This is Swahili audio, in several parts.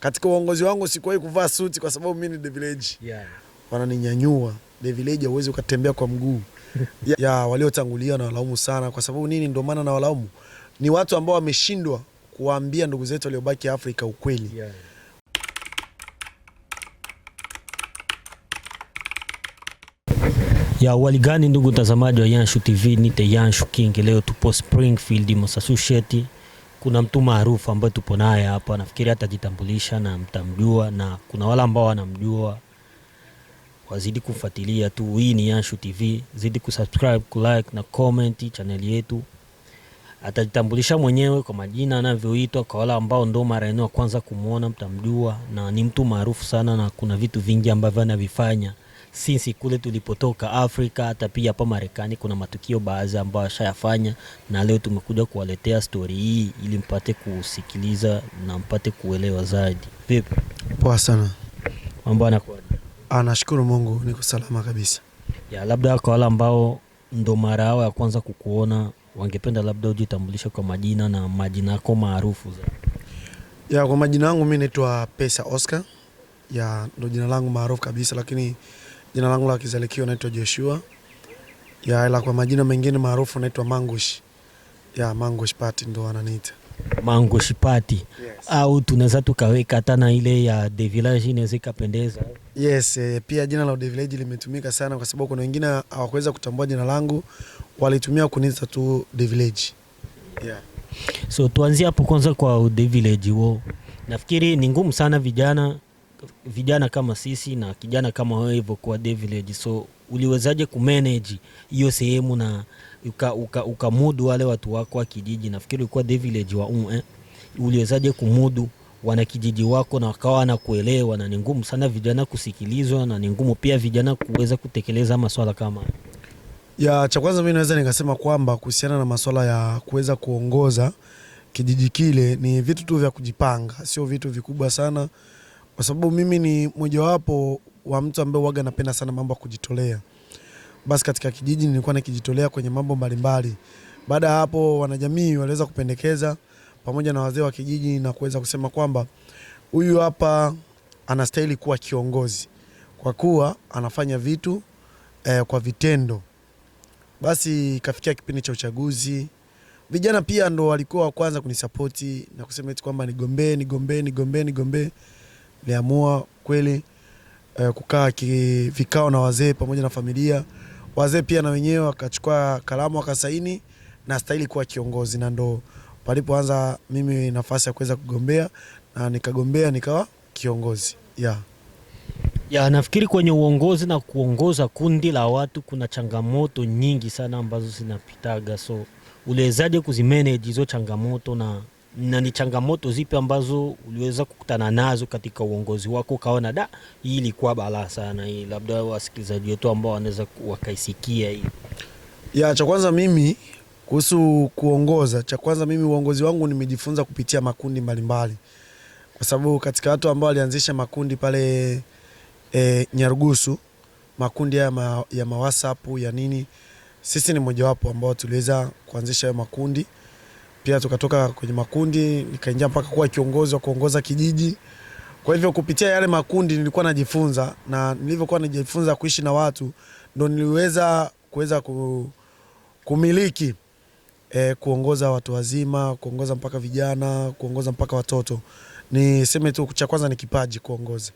katika uongozi wangu sikuwahi kuvaa suti kwa sababu mimi ni devileji Yeah. Wananinyanyua. devileji hauwezi ukatembea kwa mguu. ya, waliotangulia na walaumu sana kwa sababu nini? Ndio maana na walaumu ni watu ambao wameshindwa kuwaambia ndugu zetu waliobaki Afrika ukweli. Yeah. Ya wali gani, ndugu mtazamaji wa Yanshu TV, nite Yanshu King, leo tupo Springfield Massachusetts kuna mtu maarufu ambaye tupo naye hapa, nafikiri atajitambulisha na mtamjua, na kuna wale ambao wanamjua wazidi kufuatilia tu. Hii ni Yanshu TV, zidi kusubscribe, kulike na comment channel yetu. Atajitambulisha mwenyewe kwa majina anavyoitwa. Kwa wale ambao ndo mara yenu ya kwanza kumwona, mtamjua na ni mtu maarufu sana, na kuna vitu vingi ambavyo anavifanya sinsi kule tulipotoka Afrika, hata pia hapa Marekani kuna matukio baadhi ambayo ashayafanya, na leo tumekuja kuwaletea stori hii ili mpate kusikiliza na mpate kuelewa zaidi. Vipi? Poa sana. Mambo yanakuwa? Anashukuru Mungu, niko salama kabisa. Ya, labda kwa wale ambao ndo mara yao ya kwanza kukuona, wangependa labda ujitambulishe kwa majina na majina yako maarufu za. Ya, kwa majina yangu mimi naitwa Pesa Oscar, ya ndo jina langu maarufu kabisa, lakini Jina langu la kizalikio naitwa Joshua ya ila kwa majina mengine maarufu naitwa Mangush. Ya Mangush Party ndo wananiita Mangush Party. Yes. Au tunaweza tukaweka hata na ile ya The Village inaweza ikapendeza. Yes, eh, pia jina la The Village limetumika sana kwa sababu kuna wengine hawakuweza kutambua jina langu, walitumia kuniita tu The Village. Yeah. So tuanzie hapo kwanza kwa The Village wao. Nafikiri ni ngumu sana vijana vijana kama sisi na kijana kama wewe hivyo Day Village, so uliwezaje kumanage hiyo sehemu na ukamudu uka, uka wale watu wako wa kijiji? Nafikiri ulikuwa Day wa um, eh? Uliwezaje kumudu wanakijiji wako na wakawa kuelewa Na ni ngumu sana vijana kusikilizwa na ni ngumu pia vijana kuweza kutekeleza maswala kama ya. Cha kwanza mimi naweza nikasema kwamba kuhusiana na maswala ya kuweza kuongoza kijiji kile ni vitu tu vya kujipanga, sio vitu vikubwa sana kwa sababu mimi ni mojawapo wa mtu ambaye waga napenda sana mambo ya kujitolea. Basi katika kijiji nilikuwa nikijitolea kwenye mambo mbalimbali. Baada ya hapo, wanajamii waliweza kupendekeza pamoja na wazee wa kijiji na kuweza kusema kwamba huyu hapa anastahili kuwa kiongozi kwa kuwa anafanya vitu eh, kwa vitendo. Basi ikafikia kipindi cha uchaguzi, vijana pia ndo walikuwa wa kwanza kunisapoti na kusema eti kwamba nigombee, nigombee, nigombee, nigombee liamua kweli eh, kukaa vikao na wazee pamoja na familia. Wazee pia na wenyewe wakachukua kalamu wakasaini na stahili kuwa kiongozi, na ndo palipoanza mimi nafasi ya kuweza kugombea na nikagombea nikawa kiongozi yeah. Ya, nafikiri kwenye uongozi na kuongoza kundi la watu kuna changamoto nyingi sana ambazo zinapitaga, so uliwezaje kuzimanage hizo changamoto na na ni changamoto zipi ambazo uliweza kukutana nazo katika uongozi wako ukaona da hii ilikuwa balaa sana hii, labda wasikilizaji wetu ambao wanaweza wakaisikia hii? Ya cha kwanza mimi kuhusu kuongoza, cha kwanza mimi uongozi wangu nimejifunza kupitia makundi mbalimbali, kwa sababu katika watu ambao walianzisha makundi pale e, Nyarugusu, makundi ya, ma, ya mawasapu ya nini, sisi ni mojawapo ambao tuliweza kuanzisha hayo makundi pia tukatoka kwenye makundi nikaingia mpaka kuwa kiongozi wa kuongoza kijiji. Kwa hivyo kupitia yale makundi nilikuwa najifunza, na nilivyokuwa najifunza kuishi na watu ndo niliweza kuweza kumiliki e, kuongoza watu wazima, kuongoza mpaka vijana, kuongoza mpaka watoto. Niseme tu cha kwanza ni kipaji kuongoza,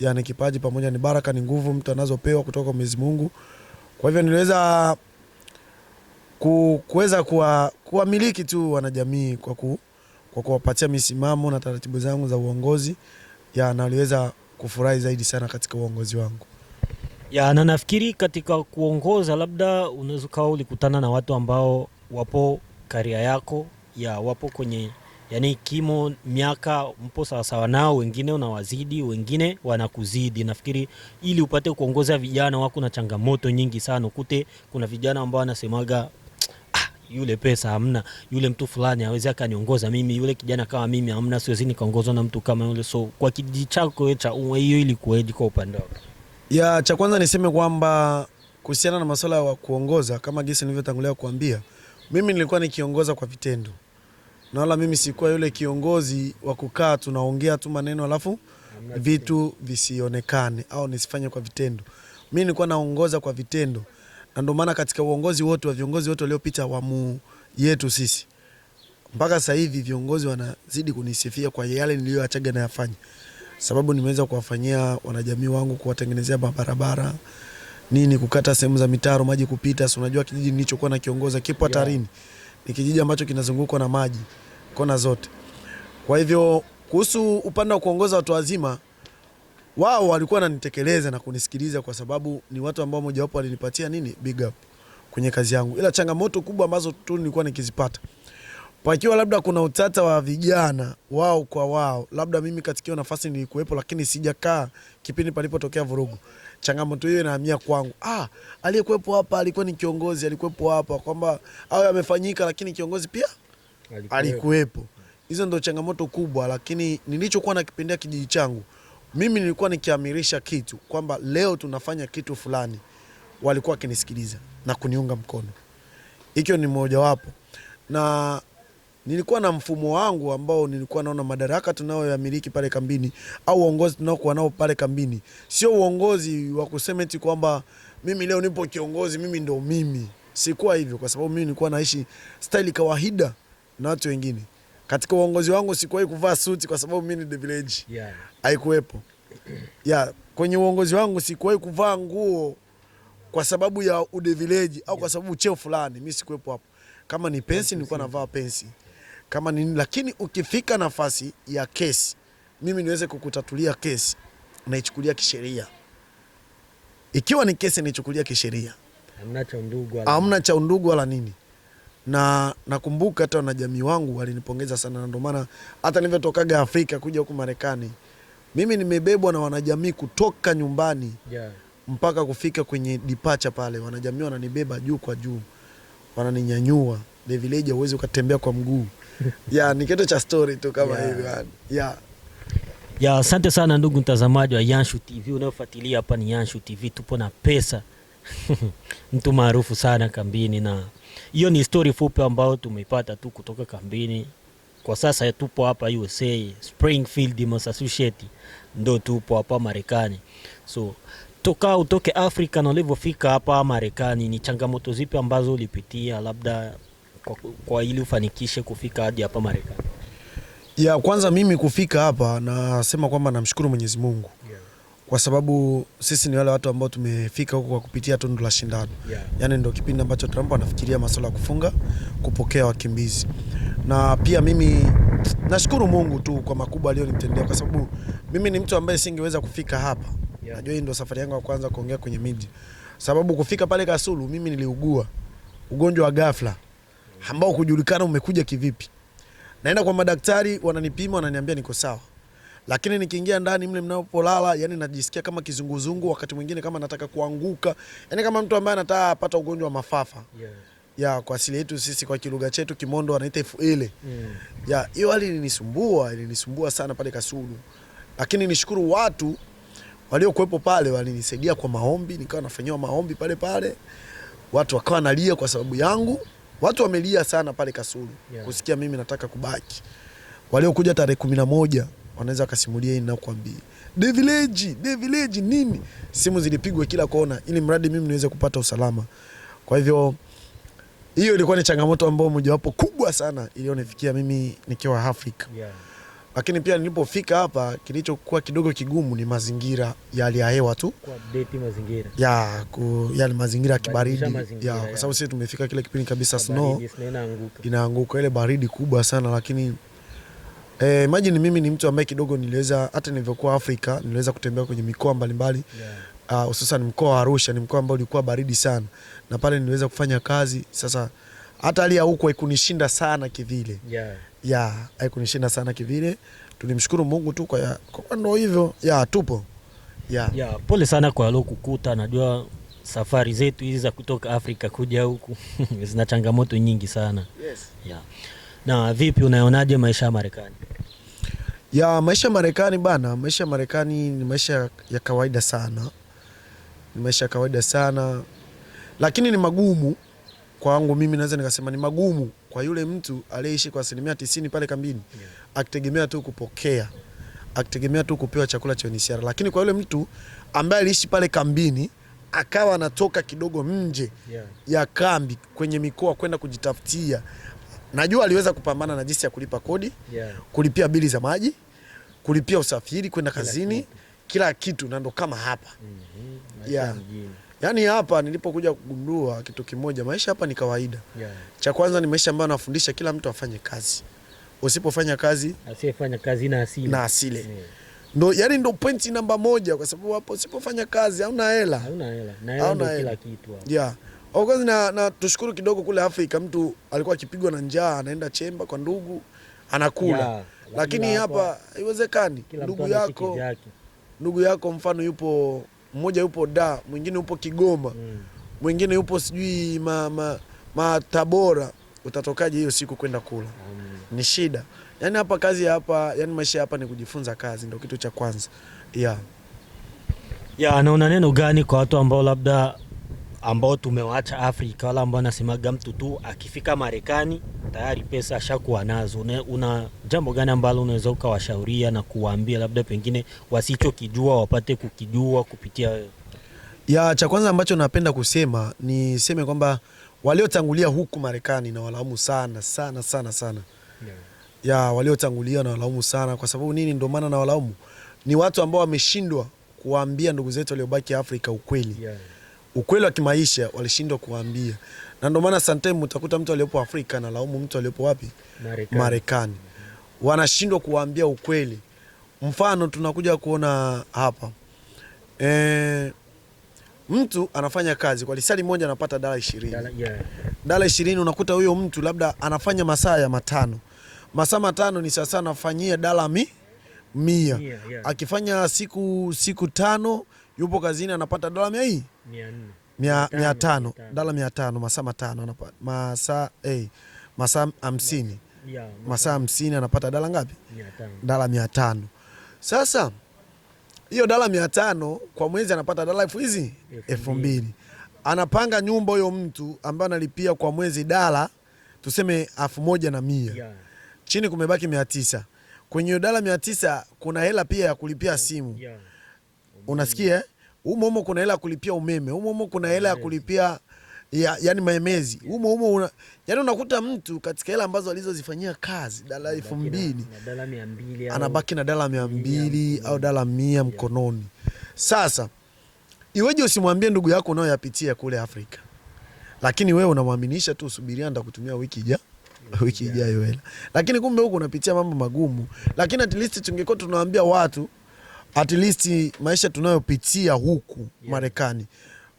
yani kipaji pamoja ni baraka, ni nguvu mtu anazopewa kutoka kwa Mwenyezi Mungu. Kwa hivyo niliweza kuweza kuwamiliki tu wanajamii kwa, ku, kwa kuwapatia misimamo na taratibu zangu za uongozi ya, na waliweza kufurahi zaidi sana katika uongozi wangu ya, na nafikiri katika kuongoza, labda unaweza ukawa ulikutana na watu ambao wapo karia yako ya wapo kwenye yani kimo miaka mpo sawasawa nao, wengine unawazidi, wengine wanakuzidi. Nafikiri ili upate kuongoza vijana wako na changamoto nyingi sana, ukute kuna vijana ambao wanasemaga yule pesa hamna, yule mtu fulani hawezi akaniongoza mimi, yule kijana kama mimi hamna, siwezi nikaongozwa na mtu kama yule. So kwa kijiji chako cha Umwe hiyo ilikuwaje kwa upande wako? Ya cha kwanza niseme kwamba kuhusiana na masuala ya kuongoza, kama gesi nilivyotangulia kuambia, mimi nilikuwa nikiongoza kwa vitendo na wala mimi sikuwa yule kiongozi wa kukaa tunaongea tu maneno alafu vitu visionekane au nisifanye kwa vitendo. Mimi nilikuwa naongoza kwa vitendo na ndio maana katika uongozi wote wa viongozi wote waliopita wamu yetu sisi mpaka sasa hivi viongozi wanazidi kunisifia kwa yale niliyoachaga nayafanya, sababu nimeweza kuwafanyia wanajamii wangu, kuwatengenezea barabara nini, kukata sehemu za mitaro, maji kupita. Si unajua kijiji nilichokuwa nakiongoza kipo hatarini, ni kijiji ambacho kinazungukwa na maji kona zote. Kwa hivyo kuhusu upande wa kuongoza watu wazima wao walikuwa wananitekeleza na kunisikiliza kwa sababu ni watu ambao mojawapo walinipatia nini big up kwenye kazi yangu, ila changamoto kubwa ambazo tu nilikuwa nikizipata pakiwa labda kuna utata wa vijana wao kwa wao, labda mimi katika nafasi nilikuwepo, lakini sijakaa kipindi palipotokea vurugu, changamoto hiyo inahamia kwangu. Ah, aliyekuwepo hapa alikuwa ni kiongozi, alikuwepo hapa kwamba au yamefanyika, lakini kiongozi pia alikuwepo. Hizo ndio changamoto kubwa, lakini nilichokuwa nakipendea kijiji changu mimi nilikuwa nikiamirisha kitu kwamba leo tunafanya kitu fulani, walikuwa wakinisikiliza na kuniunga mkono. Hicho ni mojawapo, na nilikuwa na mfumo wangu ambao nilikuwa naona madaraka tunayoyamiliki pale kambini au uongozi tunaokuwa nao pale kambini, sio uongozi wa kusema eti kwamba mimi leo nipo kiongozi, mimi ndo mimi. Sikuwa hivyo, kwa sababu mimi nilikuwa naishi staili kawaida na watu wengine katika uongozi wangu sikuwahi kuvaa suti kwa sababu mimi ni the village yeah. Haikuwepo yeah. Kwenye uongozi wangu sikuwahi kuvaa nguo kwa sababu ya ude village au kwa sababu cheo fulani, mi sikuwepo hapo. Kama ni pensi nilikuwa navaa pensi kama ni, lakini ukifika nafasi ya kesi mimi niweze kukutatulia kesi, naichukulia kisheria. Ikiwa ni kesi naichukulia kisheria, hamna cha undugu wala nini na nakumbuka hata wanajamii wangu walinipongeza sana, na ndio maana hata nilivyotokaga Afrika kuja huku Marekani, mimi nimebebwa na wanajamii kutoka nyumbani yeah, mpaka kufika kwenye dipacha pale, wanajamii wananibeba juu kwa juu, wananinyanyua the village, huwezi ukatembea kwa mguu yeah, ni kitu cha story tu kama yeah, hivyo yeah. Ya, asante sana ndugu mtazamaji wa Yanshu TV unayofuatilia hapa. Ni Yanshu TV, tupo na pesa mtu maarufu sana kambini na hiyo ni story fupi ambayo tumeipata tu kutoka kambini. Kwa sasa tupo hapa USA, Springfield Massachusetts, ndo tupo hapa Marekani. So toka utoke Afrika na ulivyofika hapa Marekani, ni changamoto zipi ambazo ulipitia labda kwa, kwa ili ufanikishe kufika hadi hapa Marekani? Ya kwanza mimi kufika hapa nasema kwamba namshukuru Mwenyezi Mungu kwa sababu sisi ni wale watu ambao tumefika huko kwa kupitia tundu la shindano yeah. Yani ndio kipindi ambacho Trump anafikiria masuala ya kufunga kupokea wakimbizi, na pia mimi nashukuru Mungu tu kwa makubwa aliyonitendea, kwa sababu mimi ni mtu ambaye singeweza kufika hapa yeah. Najua hii ndio safari yangu ya kwanza kuongea kwenye media, sababu kufika pale Kasulu mimi niliugua ugonjwa wa ghafla ambao kujulikana umekuja kivipi. Naenda kwa madaktari, wananipima, wananiambia niko sawa lakini nikiingia ndani mle mnapolala, yani najisikia kama kizunguzungu, wakati mwingine kama nataka kuanguka, yani kama mtu ambaye anataka apata ugonjwa wa mafafa yeah. Ya, kwa asili yetu sisi kwa kilugha chetu Kimondo wanaita ifu ile mm. Ya, hiyo hali ilinisumbua, ilinisumbua sana pale Kasudu, lakini nishukuru watu waliokuwepo pale walinisaidia kwa maombi, nikawa nafanyiwa maombi pale pale, watu wakawa nalia kwa sababu yangu. Watu wamelia sana pale Kasulu yeah. kusikia mimi nataka kubaki. Waliokuja tarehe kumi na moja wanaweza wakasimulia hii nakwambia The Village, The Village nini, simu zilipigwa kila kona, ili mradi mimi niweze kupata usalama. Kwa hivyo hiyo ilikuwa ni changamoto ambayo mojawapo kubwa sana iliyonifikia mimi nikiwa Afrika yeah. Lakini pia nilipofika hapa, kilichokuwa kidogo kigumu ni mazingira ya hali ya hewa tu, mazingira ya ku, yani mazingira ya kibaridi ya, kwa sababu sisi tumefika kile kipindi kabisa snow inaanguka ile baridi kubwa sana, lakini Eh, imagine mimi ni mtu ambaye kidogo niliweza hata nilivyokuwa Afrika niliweza kutembea kwenye mikoa mbalimbali ah, hususan yeah. Uh, mkoa wa Arusha ni mkoa ambao ulikuwa baridi sana na pale niliweza kufanya kazi. Sasa hata hali ya huko haikunishinda sana kivile yeah. Yeah, haikunishinda sana kivile, tulimshukuru Mungu tu kwa, kwa ndio hivyo ya yeah, tupo yeah. Yeah, pole sana kwa alokukuta, najua safari zetu hizi za kutoka Afrika kuja huku zina changamoto nyingi sana yes. Yeah. Na vipi, unaonaje maisha ya Marekani? Ya maisha ya Marekani bana, maisha ya Marekani ni maisha ya kawaida sana, ni maisha ya kawaida sana, lakini ni magumu kwangu mimi, naweza nikasema ni magumu kwa yule mtu aliyeishi kwa asilimia tisini pale kambini, yeah. akitegemea tu kupokea, akitegemea tu kupewa chakula cha UNHCR, lakini kwa yule mtu ambaye aliishi pale kambini akawa anatoka kidogo nje yeah. ya kambi kwenye mikoa kwenda kujitafutia najua aliweza kupambana na jinsi ya kulipa kodi yeah. kulipia bili za maji, kulipia usafiri kwenda kazini, kila kitu, kitu na ndo kama hapa mm -hmm. yeah. Yaani hapa nilipokuja kugundua kitu kimoja, maisha hapa ni kawaida yeah. Cha kwanza ni maisha ambayo anafundisha kila mtu afanye kazi, usipofanya kazi asiyefanya kazi na asile, na asile. Yeah. Ndo, yani ndo point namba moja, kwa sababu hapo usipofanya kazi hauna hela, hauna hela na hela ndo kila kitu hapo yeah. Of course na, na tushukuru kidogo kule Afrika mtu alikuwa akipigwa na njaa anaenda chemba kwa ndugu anakula yeah, lakini hapa haiwezekani. Ndugu yako ndugu yako mfano yupo mmoja yupo da mwingine yupo Kigoma mm. mwingine yupo sijui ma, ma, ma Tabora, utatokaje hiyo siku kwenda kula? Ni shida yani hapa kazi hapa yani maisha hapa ni kujifunza kazi, ndio kitu cha kwanza yeah. Ya, na neno gani kwa watu ambao labda ambao tumewacha Afrika, wala ambao anasemaga mtu tu akifika Marekani tayari pesa ashakuwa nazo. Una, una jambo gani ambalo unaweza ukawashauria na kuwaambia labda pengine wasichokijua wapate kukijua kupitia wewe? Ya cha kwanza ambacho napenda kusema niseme kwamba waliotangulia huku Marekani na walaumu sana sana sana sana yeah. Ya waliotangulia na walaumu sana kwa sababu nini? Ndio maana na walaumu ni watu ambao wameshindwa kuwaambia ndugu zetu waliobaki Afrika ukweli yeah ukweli wa kimaisha walishindwa kuambia, na ndio maana sometimes utakuta mtu aliyepo Afrika na laumu mtu aliyepo wapi, Marekani. Wanashindwa kuwaambia ukweli. Mfano tunakuja kuona hapa e, mtu anafanya kazi kwa lisali moja anapata dala ishirini dala, yeah. dala ishirini unakuta huyo mtu labda anafanya masaa ya matano masaa matano ni sasa anafanyia dala mi, mia yeah, yeah. akifanya siku, siku tano yupo kazini anapata dola mia hii mia tano dola mia tano masaa matano masaa hey, eh, masaa hamsini masaa hamsini anapata dala ngapi? Dala mia tano Sasa hiyo dala mia tano kwa mwezi anapata dala elfu hizi elfu mbili anapanga nyumba huyo mtu ambaye analipia kwa mwezi dala tuseme elfu moja na mia yeah. Chini kumebaki mia tisa kwenye dala mia tisa kuna hela pia ya kulipia simu yeah. Unasikia eh? humo humo kuna hela ya kulipia umeme, humo humo kuna hela ya kulipia ya, yani maemezi humo humo una, yani unakuta mtu katika hela ambazo alizozifanyia kazi dala elfu mbili anabaki na dala mia mbili au dala mia mkononi. Sasa iweje usimwambie ndugu yako unayoyapitia kule Afrika, lakini wewe unamwaminisha tu, subiria nitakutumia wiki ija wiki ijayo hela, lakini kumbe huko unapitia mambo magumu. Lakini at least tungekuwa tunawaambia watu at least maisha tunayopitia huku yeah. Marekani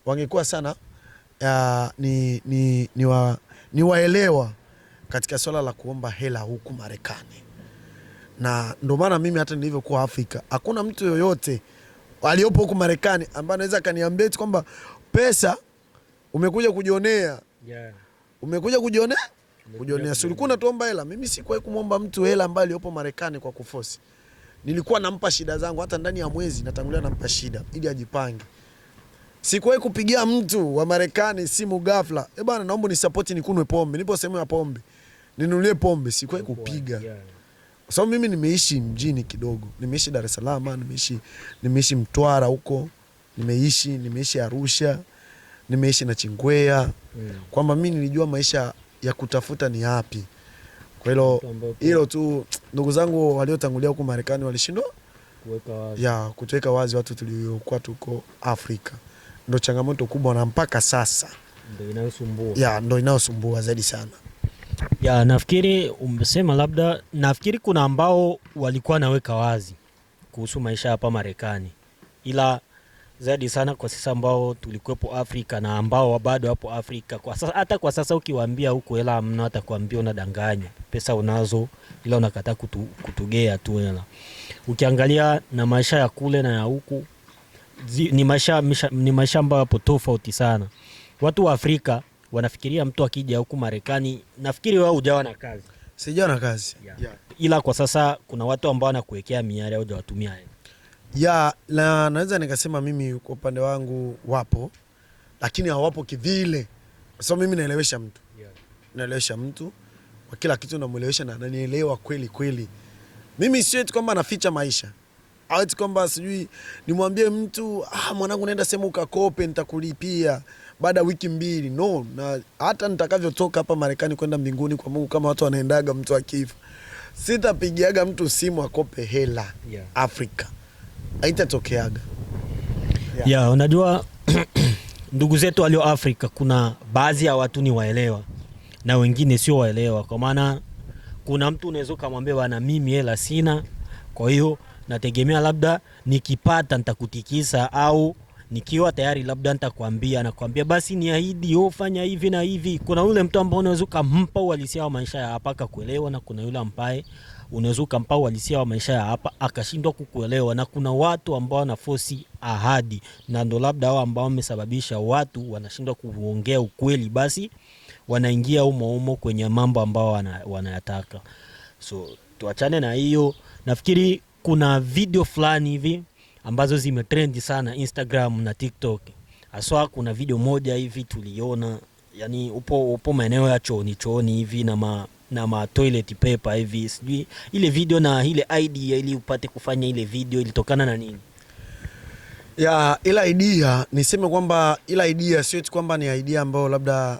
wangekuwa sana uh, ni, ni, ni, wa, ni waelewa katika swala la kuomba hela huku Marekani, na ndio maana mimi hata nilivyokuwa Afrika hakuna mtu yoyote aliyopo huku Marekani ambaye anaweza akaniambia eti kwamba pesa umekuja kujionea yeah. umekuja kujionea kujionea, si ulikuwa unatuomba hela. Mimi sikuwahi kumwomba mtu hela ambaye aliyopo Marekani kwa kufosi nilikuwa nampa shida zangu, hata ndani ya mwezi natangulia nampa shida ili ajipange. Sikuwahi kupigia mtu wa Marekani simu ghafla, e eh bana, naomba nisapoti nikunwe pombe, nipo sehemu ya pombe, ninunulie pombe. Sikuwahi kupiga kwa sababu mimi nimeishi mjini kidogo, nimeishi Dar es Salaam, nimeishi nimeishi Mtwara huko, nimeishi nimeishi Arusha, nimeishi na Chingwea, kwamba mimi nilijua maisha ya kutafuta ni yapi. Kwa hilo hilo tu, ndugu zangu waliotangulia huku Marekani walishindwa ya kutuweka wazi watu tuliokuwa tuko Afrika, ndo changamoto kubwa na mpaka sasa ndo inayosumbua ya ndo inayosumbua zaidi sana ya nafikiri umesema, labda nafikiri kuna ambao walikuwa naweka wazi kuhusu maisha hapa Marekani, ila zaidi sana kwa sisi ambao tulikuwepo Afrika na ambao bado hapo Afrika kwa sasa. Hata kwa sasa ukiwaambia huko hela hamna, atakwambia unadanganya, pesa unazo, ila unakataa kutu, kutugea tu hela. Ukiangalia na maisha ya kule na ya huku ni maisha, ni maisha ambayo yapo tofauti sana. Watu wa Afrika wanafikiria mtu akija huku Marekani, nafikiri wao hujawa na kazi, sijawa na kazi yeah. Yeah. Ila kwa sasa kuna watu ambao wanakuwekea miari au hujawatumia hela ya la, naweza nikasema mimi kwa upande wangu wapo, lakini hawapo kivile, kwa sababu mimi naelewesha mtu, yeah. naelewesha mtu kwa kila kitu, namwelewesha na ananielewa kweli kweli. Mimi sio eti kwamba naficha maisha au eti kwamba sijui nimwambie mtu ah, mwanangu naenda sehemu ukakope, nitakulipia baada ya wiki mbili. No, na hata nitakavyotoka hapa Marekani kwenda mbinguni kwa Mungu, kama watu wanaendaga, mtu akifa, sitapigiaga mtu simu akope hela yeah. Afrika haitatokeaga yeah. Yeah, unajua ndugu zetu walio Afrika, kuna baadhi ya watu ni waelewa na wengine sio waelewa, kwa maana kuna mtu unaweza ukamwambia bana, mimi hela sina, kwa hiyo nategemea labda nikipata nitakutikisa au nikiwa tayari labda nitakwambia, nakwambia basi niahidi ufanya hivi na hivi. Kuna yule mtu ambaye unaweza ukampa uhalisia wa maisha ya hapa akakuelewa, na kuna yule ambaye unaweza ukampa uhalisia wa maisha ya hapa akashindwa kukuelewa, na kuna watu ambao wanafosi ahadi, na ndo labda hao ambao wamesababisha watu wanashindwa kuongea ukweli, basi wanaingia umo umo kwenye mambo ambao wanayataka. Wana so tuachane na hiyo. Nafikiri kuna video fulani hivi ambazo zimetrendi sana Instagram na TikTok haswa. Kuna video moja hivi tuliona, yani upo, upo maeneo ya chooni chooni hivi na ma na ma toilet paper hivi. Sijui ile video na ile idea ili upate kufanya ile video ilitokana na nini? Ya, ila idea niseme kwamba ila idea sio eti kwamba ni idea ambayo labda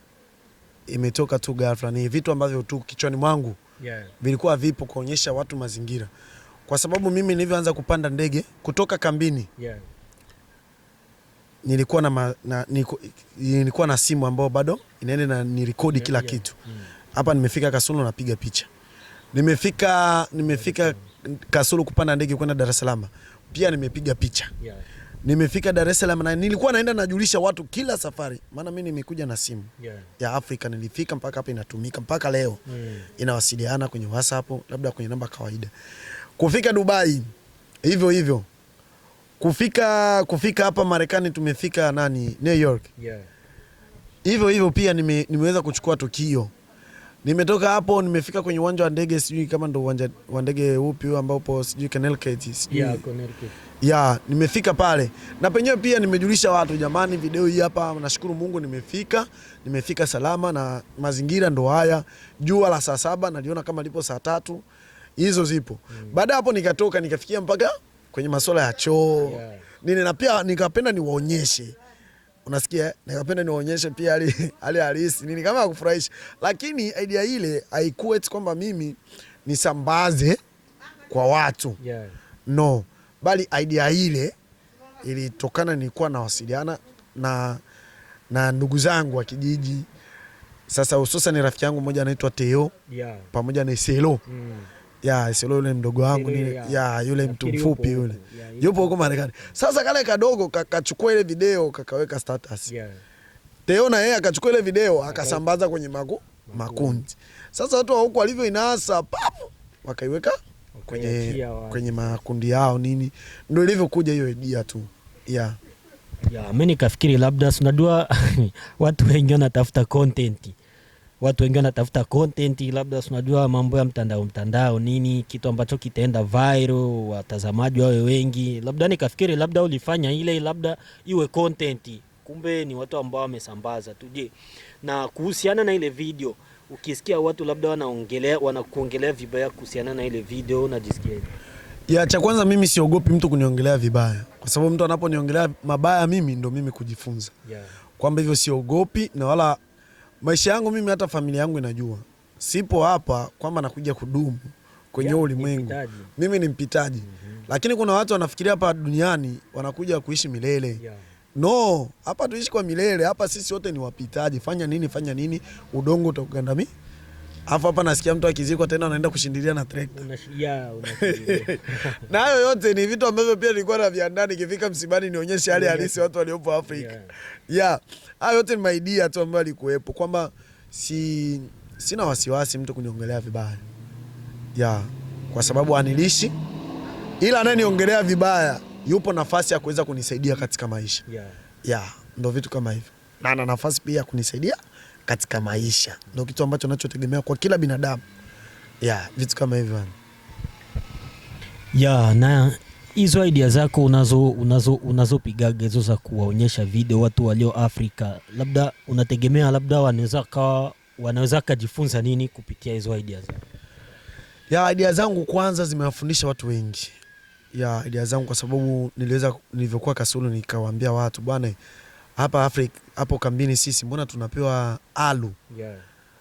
imetoka tu ghafla, ni vitu ambavyo tu kichwani mwangu yeah, vilikuwa vipo kuonyesha watu mazingira, kwa sababu mimi nilivyoanza kupanda ndege kutoka kambini yeah, nilikuwa na, ma, na nilikuwa na simu ambayo bado inaenda na nirekodi kila yeah, kitu Mm hapa nimefika Kasulu napiga picha. Nimefika nimefika Kasulu kupanda ndege kwenda Dar es Salaam. Pia nimepiga picha. Nimefika Dar es Salaam na nilikuwa naenda najulisha watu kila safari, maana mimi nimekuja na simu yeah, ya Afrika nilifika mpaka hapa inatumika mpaka leo mm, inawasiliana kwenye WhatsApp labda kwenye namba kawaida. Kufika Dubai hivyo hivyo, kufika kufika hapa Marekani tumefika nani New York yeah, hivyo hivyo pia nime, nimeweza kuchukua tukio Nimetoka hapo nimefika kwenye uwanja wa ndege, sijui kama ndo uwanja wa ndege upi ambao upo sijui Connecticut, sijui yeah, Connecticut. Yeah, nimefika pale na penyewe pia nimejulisha watu, jamani, video hii hapa. Nashukuru Mungu nimefika, nimefika salama na mazingira ndo haya. Jua la saa saba naliona kama lipo saa tatu hizo zipo mm. Baada hapo nikatoka nikafikia mpaka kwenye masuala ya choo yeah. Nini na pia nikapenda niwaonyeshe unasikia, nikapenda niwaonyeshe pia hali halisi nini kama akufurahisha, lakini idea ile haikuwa eti kwamba mimi nisambaze kwa watu yeah. No, bali idea ile ilitokana, nilikuwa nawasiliana na, na ndugu zangu wa kijiji sasa, hususan rafiki yangu mmoja anaitwa Teo yeah. pamoja na iselo mm ya sio yule mdogo wangu ni ya yule mtu mfupi yule yupo huko Marekani. Sasa kale kadogo kakachukua ile video kakaweka status yeah. Teo na yeye akachukua ile video akasambaza kwenye maku, makundi. Sasa watu wa huko walivyo inasa papo wakaiweka kwenye, kwenye makundi yao nini, ndio ilivyokuja hiyo idea tu yeah. Ya, mimi nikafikiri labda sinajua watu wengi wanatafuta content watu wengi wanatafuta content, labda unajua mambo ya mtandao mtandao nini, kitu ambacho kitaenda viral, watazamaji wawe wengi, labda nikafikiri labda ulifanya ile labda iwe content, kumbe ni watu ambao wamesambaza tu. Je, na kuhusiana na ile video, ukisikia watu labda wanaongelea wanakuongelea vibaya kuhusiana na ile video, unajisikia ya cha kwanza, mimi siogopi mtu kuniongelea vibaya, kwa sababu mtu anaponiongelea mabaya mimi ndo mimi kujifunza yeah, kwamba hivyo siogopi na wala maisha yangu mimi, hata familia yangu inajua sipo hapa kwamba nakuja kudumu kwenye ulimwengu, mimi ni mpitaji mm -hmm. Lakini kuna watu wanafikiria hapa duniani wanakuja kuishi milele yeah. No, hapa tuishi kwa milele. Hapa sisi wote ni wapitaji. Fanya nini, fanya nini, udongo utakugandamia Alafu hapa nasikia mtu akizikwa tena anaenda kushindilia na trekta. Na hayo yote ni vitu ambavyo pia nilikuwa na viandaa nikifika msibani nionyeshe hali halisi watu waliopo Afrika. Yeah. Hayo yote ni maidia tu ambayo alikuwepo kwamba si sina wasiwasi mtu kuniongelea vibaya. Yeah. Kwa sababu anilishi ila anayeniongelea vibaya yupo nafasi ya kuweza kunisaidia katika maisha. Yeah. Yeah. Ndio vitu kama hivyo. Na ana nafasi pia ya kunisaidia katika maisha ndio kitu ambacho nachotegemea kwa kila binadamu yeah, vitu kama hivyo yeah, na hizo idea zako unazo unazo unazopigaga hizo za kuwaonyesha video watu walio Afrika, labda unategemea labda wanaweza kawa wanaweza kajifunza nini kupitia hizo idea zako? Ya idea zangu kwanza zimewafundisha watu wengi, ya idea zangu kwa sababu niliweza, nilivyokuwa Kasulu nikawaambia watu bwana hapa Afrika hapo kambini sisi mbona tunapewa alu yeah.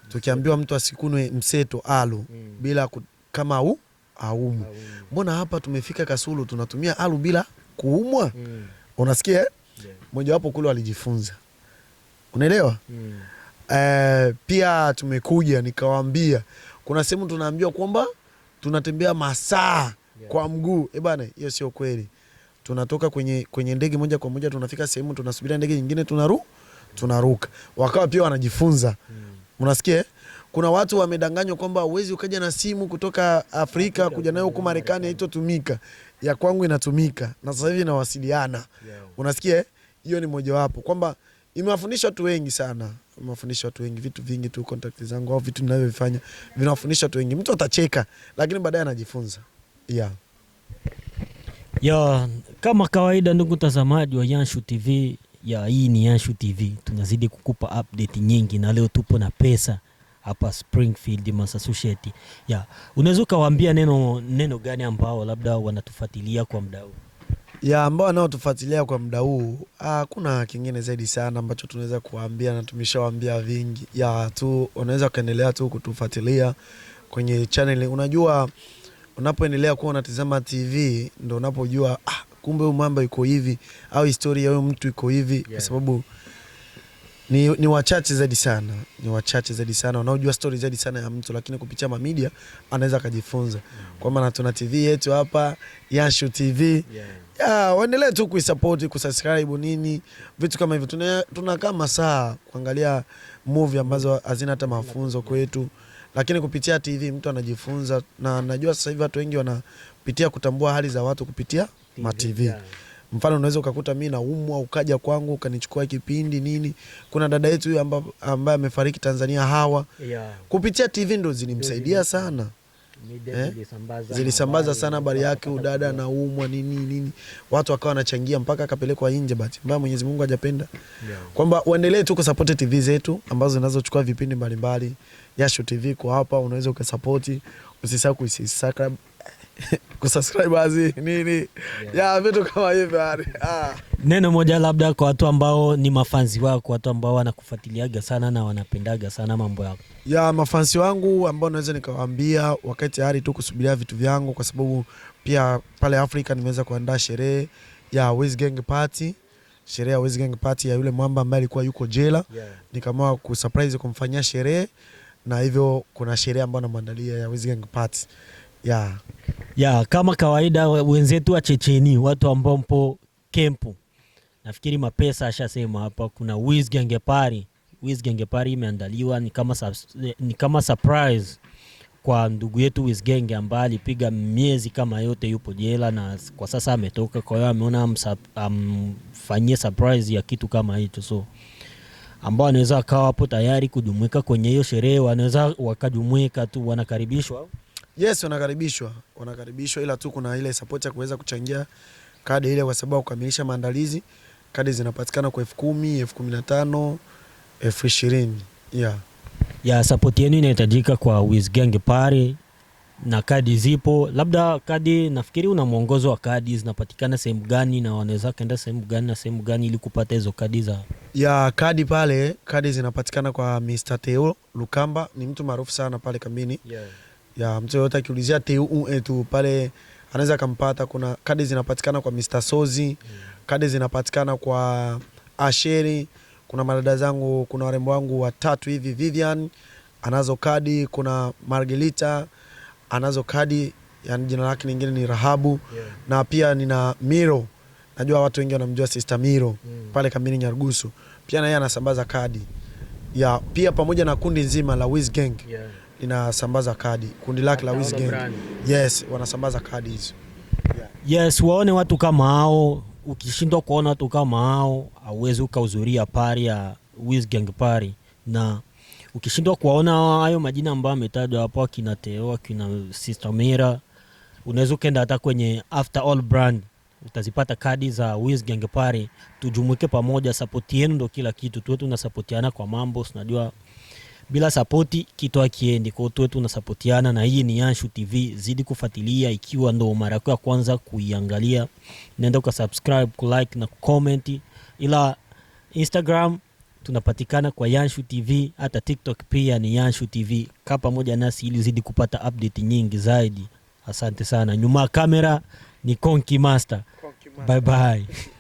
Tukiambiwa mtu asikunwe mseto alu mm. bila ku, kama au aumu mbona hapa tumefika Kasulu tunatumia alu bila kuumwa mm. Unasikia eh? yeah. Mojawapo kule alijifunza. unaelewa mm. Eh, pia tumekuja nikawaambia, kuna sehemu tunaambiwa kwamba tunatembea masaa yeah. kwa mguu. Eh, bana, hiyo sio kweli tunatoka kwenye, kwenye ndege moja kwa moja tunafika sehemu tunasubiria ndege nyingine tunaru, tunaruka. Wakawa pia wanajifunza hmm. unasikia eh? kuna watu wamedanganywa kwamba uwezi ukaja na simu kutoka Afrika kuja nayo huku Marekani, haitotumika. Ya kwangu inatumika na sasa hivi inawasiliana, unasikia. Eh? Hiyo ni mojawapo kwamba imewafundisha watu wengi sana, imewafundisha watu wengi vitu vingi tu. Kontakti zangu au vitu ninavyovifanya vinawafundisha watu wengi. Mtu atacheka, lakini baadaye anajifunza yeah. Ya, kama kawaida ndugu mtazamaji wa Yanshu TV, ya hii ni Yanshu TV, tunazidi kukupa update nyingi, na leo tupo na pesa hapa Springfield Massachusetts. Ya, unaweza ukawaambia neno neno gani ambao labda wanatufuatilia kwa muda huu? Ya, ambao wanaotufuatilia kwa muda huu, hakuna kingine zaidi sana ambacho tunaweza kuwaambia na tumeshawaambia vingi. Ya tu unaweza ukaendelea tu kutufuatilia kwenye channel. Unajua unapoendelea kuwa unatizama TV ndo unapojua ah, kumbe huyu mambo iko hivi au historia ya huyu mtu iko hivi yeah. Kwa sababu ni, ni wachache zaidi sana, ni wachache zaidi sana wanaojua stori zaidi sana ya mtu, lakini kupitia mamidia anaweza akajifunza. mm -hmm. Kwa maana tuna TV yetu hapa Yashu TV yeah. yeah, Waendelee tu kuisapoti, kusubscribe nini, vitu kama hivyo. Tuna, tuna kama saa kuangalia movie ambazo hazina hata mafunzo kwetu. yeah lakini kupitia TV mtu anajifunza, na najua sasa hivi watu wengi wanapitia kutambua hali za watu kupitia ma TV. Mfano, unaweza ukakuta mimi naumwa ukaja kwangu ukanichukua kipindi nini. Kuna dada yetu huyu ambaye amefariki Tanzania Hawa, kupitia TV ndo zilimsaidia sana eh, zilisambaza sana habari yake, udada umwa nini nini, watu wakawa wanachangia mpaka akapelekwa nje. Bahati mbaya Mwenyezi Mungu hajapenda yeah. Kwamba uendelee tu kusapoti TV zetu ambazo zinazochukua vipindi mbalimbali. Yasho TV kwa hapa, unaweza ukasapoti. Usisahau kusubscribe kusubscribers nini yeah. vitu kama hivyo yani. Ah. Neno moja labda kwa watu ambao ni mafanzi wako, watu ambao wanakufuatiliaga sana na wanapendaga sana mambo yako. Ya mafansi wangu ambao naweza nikawaambia wakati tayari tu kusubiria vitu vyangu, kwa sababu pia pale Afrika nimeweza kuandaa sherehe ya Wiz Gang Party sherehe ya Wiz Gang Party ya yule mwamba ambaye alikuwa yuko jela yeah. Nikaamua kusurprise kumfanyia sherehe na hivyo kuna sherehe ambayo namwandalia ya Wiz Gang Party ya ya kama kawaida, wenzetu wa Checheni, watu ambao mpo kempu, nafikiri mapesa ashasema hapa. Kuna Wiz Gengepari, Wiz Gengepari imeandaliwa ni kama, ni kama surprise kwa ndugu yetu Wiz Genge ambaye alipiga miezi kama yote yupo jela na kwa sasa ametoka. Kwa hiyo ameona amfanyie surprise ya kitu kama hicho, so ambao anaweza akawa hapo tayari kujumuika kwenye hiyo sherehe, wanaweza wakajumuika tu, wanakaribishwa Yes, wanakaribishwa, wanakaribishwa ila tu kuna ile support ya kuweza kuchangia kadi ile, kwa sababu kukamilisha maandalizi kadi zinapatikana kwa elfu kumi, elfu kumi na tano, elfu ishirini yeah. Ya support yenu inahitajika kwa Wiz Gang pale na kadi zipo. Labda kadi, nafikiri una mwongozo wa kadi zinapatikana sehemu gani na wanaweza kaenda sehemu gani na sehemu gani ili kupata hizo kadi za ya kadi pale. Kadi zinapatikana kwa Mr. Teo Lukamba, ni mtu maarufu sana pale kambini yeah ya mtu yoyote akiulizia TUE tu pale anaweza akampata. Kuna kadi zinapatikana kwa Mr Sozi, mm. kadi zinapatikana kwa Asheri, kuna madada zangu, kuna warembo wangu watatu hivi, Vivian anazo kadi, kuna Margelita anazo kadi, yani jina lake lingine ni Rahabu yeah. na pia nina Miro, najua watu wengi wanamjua Sister Miro mm. pale kambini Nyarugusu, pia na yeye anasambaza kadi ya pia, pamoja na kundi nzima la Wiz Gang yeah inasambaza kadi, kundi lake la Wiz Gang. Yes, wanasambaza kadi hizo. Yeah. Yes, waone watu kama hao. Ukishindwa kuona watu kama hao, hauwezi ukahudhuria pari ya Wiz Gang pari, na ukishindwa kuwaona hayo majina ambayo ametajwa hapo, akina Teo, akina Sister Mira, unaweza ukaenda hata kwenye After All Brand utazipata kadi za Wiz Gang pari. Tujumuike pamoja, sapoti yenu ndo kila kitu, tuwe tunasapotiana kwa mambo, tunajua bila sapoti kitu akiendi kwao, tuwe tunasapotiana, na hii ni Yanshu TV, zidi kufuatilia. Ikiwa ndo mara yako ya kwanza kuiangalia, nenda ukasubscribe, kulike na comment Ila Instagram tunapatikana kwa Yanshu TV, hata TikTok pia ni Yanshu TV. Kaa pamoja nasi ili zidi kupata update nyingi zaidi. Asante sana. Nyuma ya kamera ni Konki Master. Konki Master. Bye bye.